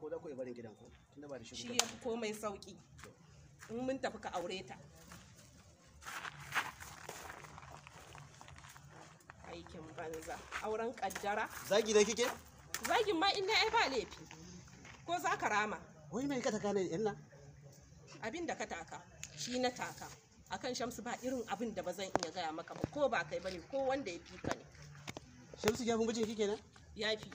ko za ku iya barin gidan ku tunda ba da shi ya fi komai sauki in mun tafi ka aure ta aikin banza auren kaddara zagi da kike zagin ma in ai ba laifi ko za ka rama wai mai ka taka ne 'yan illa abin da ka taka shi na taka akan shamsu ba irin abin da ba zan iya gaya maka ba ko ba kai bane ko wanda ya fi ka ne shamsu ya fi mijin kike na ya fi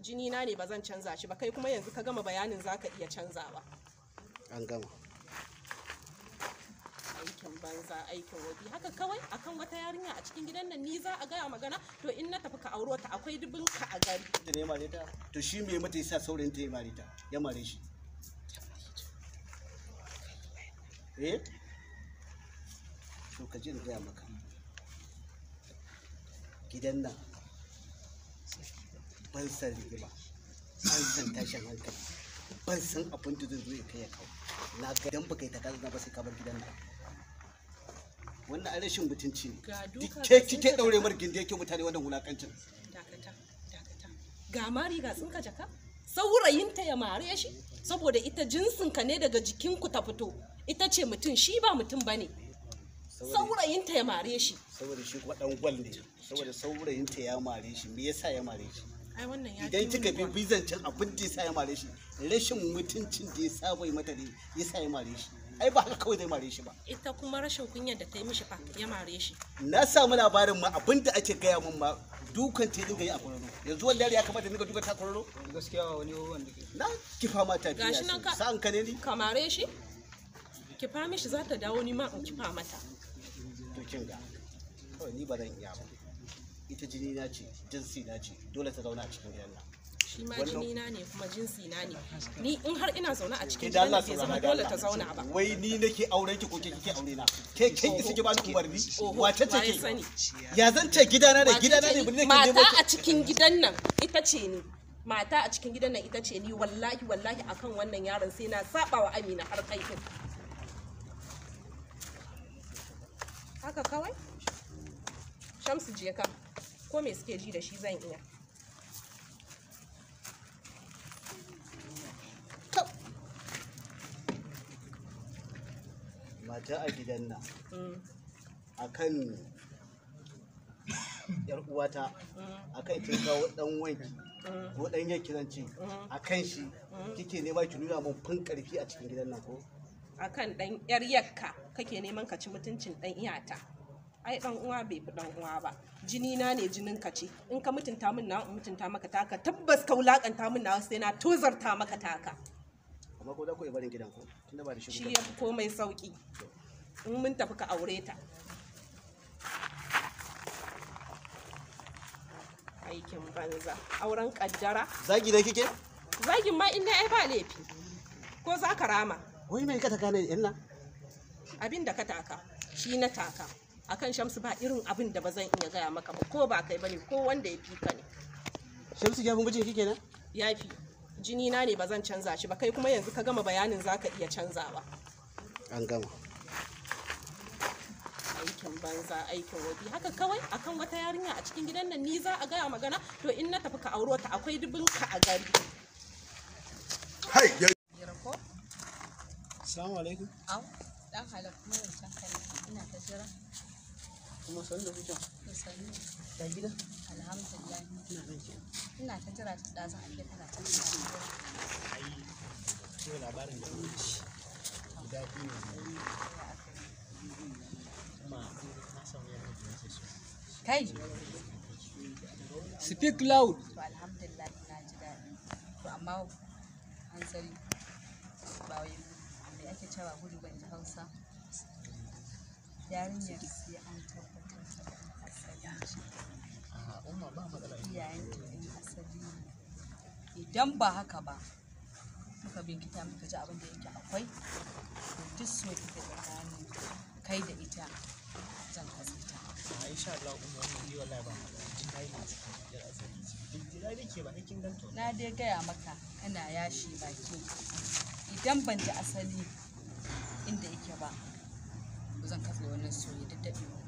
jini na ne ba zan canza shi ba kai kuma yanzu ka gama bayanin zaka iya canzawa an gama aikin banza aikin wabi haka kawai akan wata yarinya a cikin gidan nan ni za a gaya magana to in na tafi ka auro ta akwai dubin ka a gari da ne mare ta to shi me mata yasa saurayin ta ya mare ta ya mare shi eh to ka ji in gaya maka gidan nan ban san rigima ban san tashin hankali ban san abin da zai zo ya kai ya kawo na ga dan baka yi ta kaza ba sai ka bar gidan nan wannan an rashin mutunci ne ke kike daure mar gindi yake mutane wannan wulakancin dakata dakata ga mari ga sun ka jaka saurayinta ya mare shi saboda ita jinsinka ne daga jikinku ta fito ita ce mutum shi ba mutum bane saurayinta ya mare shi saboda shi kuma dan gwal ne saboda saurayinta ya mare shi me yasa ya mare shi idan kika bi bizancin abin da ya sa ya mare shi rashin mutuncin da ya saba yi mata ne ya sa ya mare shi ai ba haka kawai zai mare shi ba ita kuma rashin kunya da ta yi mishi fa ya mare shi na samu labarin ma abin da ake gaya min ma dukan ta dinga yi a kwararo yanzu wanda ya kamata dinga duka ta kwararo gaskiya wani wanda ke na ki fama ta biya sa'an ka ne ni mare shi fama shi za ta dawo ni ma in fama ta to kin ga kawai ni ba zan iya ba ita jini na ce jinsi na ce dole ta zauna a cikin gidan nan shi ma jini na ne kuma jinsi na ne ni in har ina zauna a cikin gidan nan bai zama dole ta zauna ba wai ni nake auren ki ko ke kike aure na ke ke ki suke ba ni umarni wace ce ke ya zan ce gidana da gidana ne ne mata a cikin gidan nan ita ce ni mata a cikin gidan nan ita ce ni wallahi wallahi akan wannan yaron sai na saba wa Amina har kai haka kawai shamsu je ka ko me suke ji da shi zan iya mata a gidan nan mm. a kan yar uwata mm. a kan kin kawo dan wanki mm. ko dan yanki zan ce a kan shi kike nema ki nuna mun fin karfi a cikin gidan nan ko akan dan yar yakka kake neman ka ci mutuncin dan iyata ai dan uwa bai fi dan uwa ba jini na ne jinin ka ce in ka mutunta min na in mutunta maka taka tabbas ka wulakanta min na sai na tozarta maka taka amma ko za ku barin gidan ku tunda ba da shi shi ya komai sauki in mun tafi ka aure ta aikin banza auren kaddara zagi da kike zagin ma in ai ba laifi ko za ka rama wai mai ka taka ne yan nan abin da ka taka shi na taka akan shamsu ba irin abin da ba zan iya gaya maka ba ko ba kai bane ko wanda ya fi ka ne shamsu ya fi mijin ki kenan ya fi jini na ne ba zan canza shi ba kai kuma yanzu ka gama bayanin zaka iya canzawa an gama aikin banza aikin wabi haka kawai akan wata yarinya a cikin gidan nan ni za a gaya magana to in na tafi ka auro ta akwai dubin ka a gari hai assalamu alaikum au dan halak mun san kai ina ta jira kuma san da kuke da gida alhamdulillah ina nan ke ina ta jira ta dazan ake tana ta ai ko labarin da kuke shi guda biyu ne ma na san yadda kuke so kai speak loud to alhamdulillah na ji daɗi to amma an sani ba wai me ake cewa gudu ban ji hausa yarinyar sai an tabbata idan ba haka ba muka binkita muka ji abin da yake akwai duk so kike tsakanin kai da ita zan katse ta a ah, insha Allah umma wannan yi wallahi ba jin dai ne da asali duk jira dake ba kin ganto na dai gaya maka kana yashi baki idan ban ji asali inda yake ba zan katse wannan soyayya da dadewa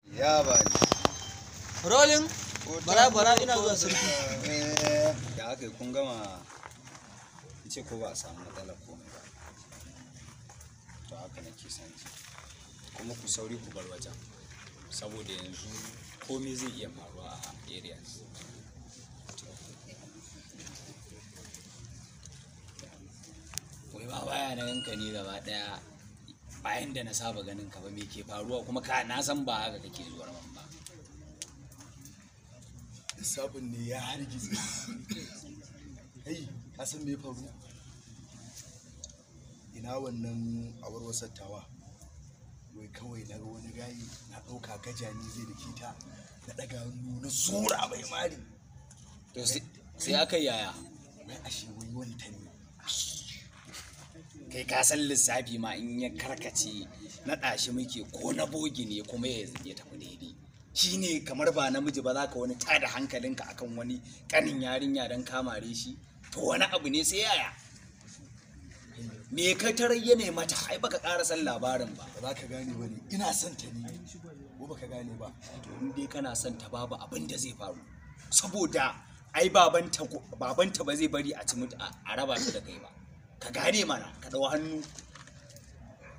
ya ba ni rolling bara bara ina zuwa sarki da eh, aka kun gama ce ko ba a samu matsala ko ba to haka nake son ji kuma ku sauri ku bar wajen saboda yanzu komai zai iya faruwa a areas wai ba baya na yanka ni gaba daya ba yanda na saba ganin ka ba me ke faruwa kuma ka na san ba haka kake zuwa man ba sabon ne ya hargize hey ka san me faru ina wannan awar tawa wai kawai na wani gayi na ɗauka gajani zai da kita na ɗaga hannu na tsura mari to sai aka yaya mai ashe wani wani kai ka san lissafi ma in ya karkace na ɗashi muke ko na bogi ne kuma ya kuɗe daidai shi ne kamar ba namiji ba za ka wani tada hankalinka akan wani ƙanin yarinya don kamare shi to wani abu ne sai yaya me ka tarayya ne mata ai baka ƙara san labarin ba ba ka gane ba ne ina son ta ne ko baka gane ba to in dai kana son ta babu abin da zai faru saboda ai babanta ba zai bari a ci mutu a raba ta da kai ba ka gane mana ka ɗau hannu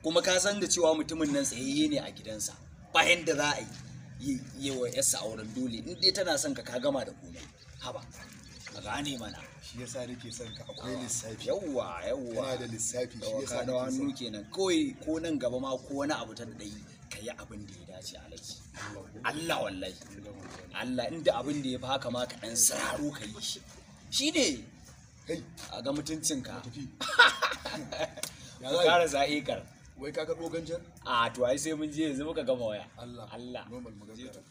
kuma ka san da cewa mutumin nan tsayayye ne a gidansa bayan da za a yi yi wa yarsa auren dole in dai tana son ka ka gama da komai haba ka gane mana shi yasa nake son ka akwai lissafi yawwa yawwa yana da lissafi shi yasa da hannu kenan kawai ko nan gaba ma ko wani abu ta dai ka yi abin da ya dace a alaji Allah wallahi Allah inda abin da ya fi haka ma ka dan sararo ka yi shi ne. a ga mutuncinka ya kara za'ikar wai ka karɓo ganjar a to ai sai mun je yanzu muka gama waya Allah Allah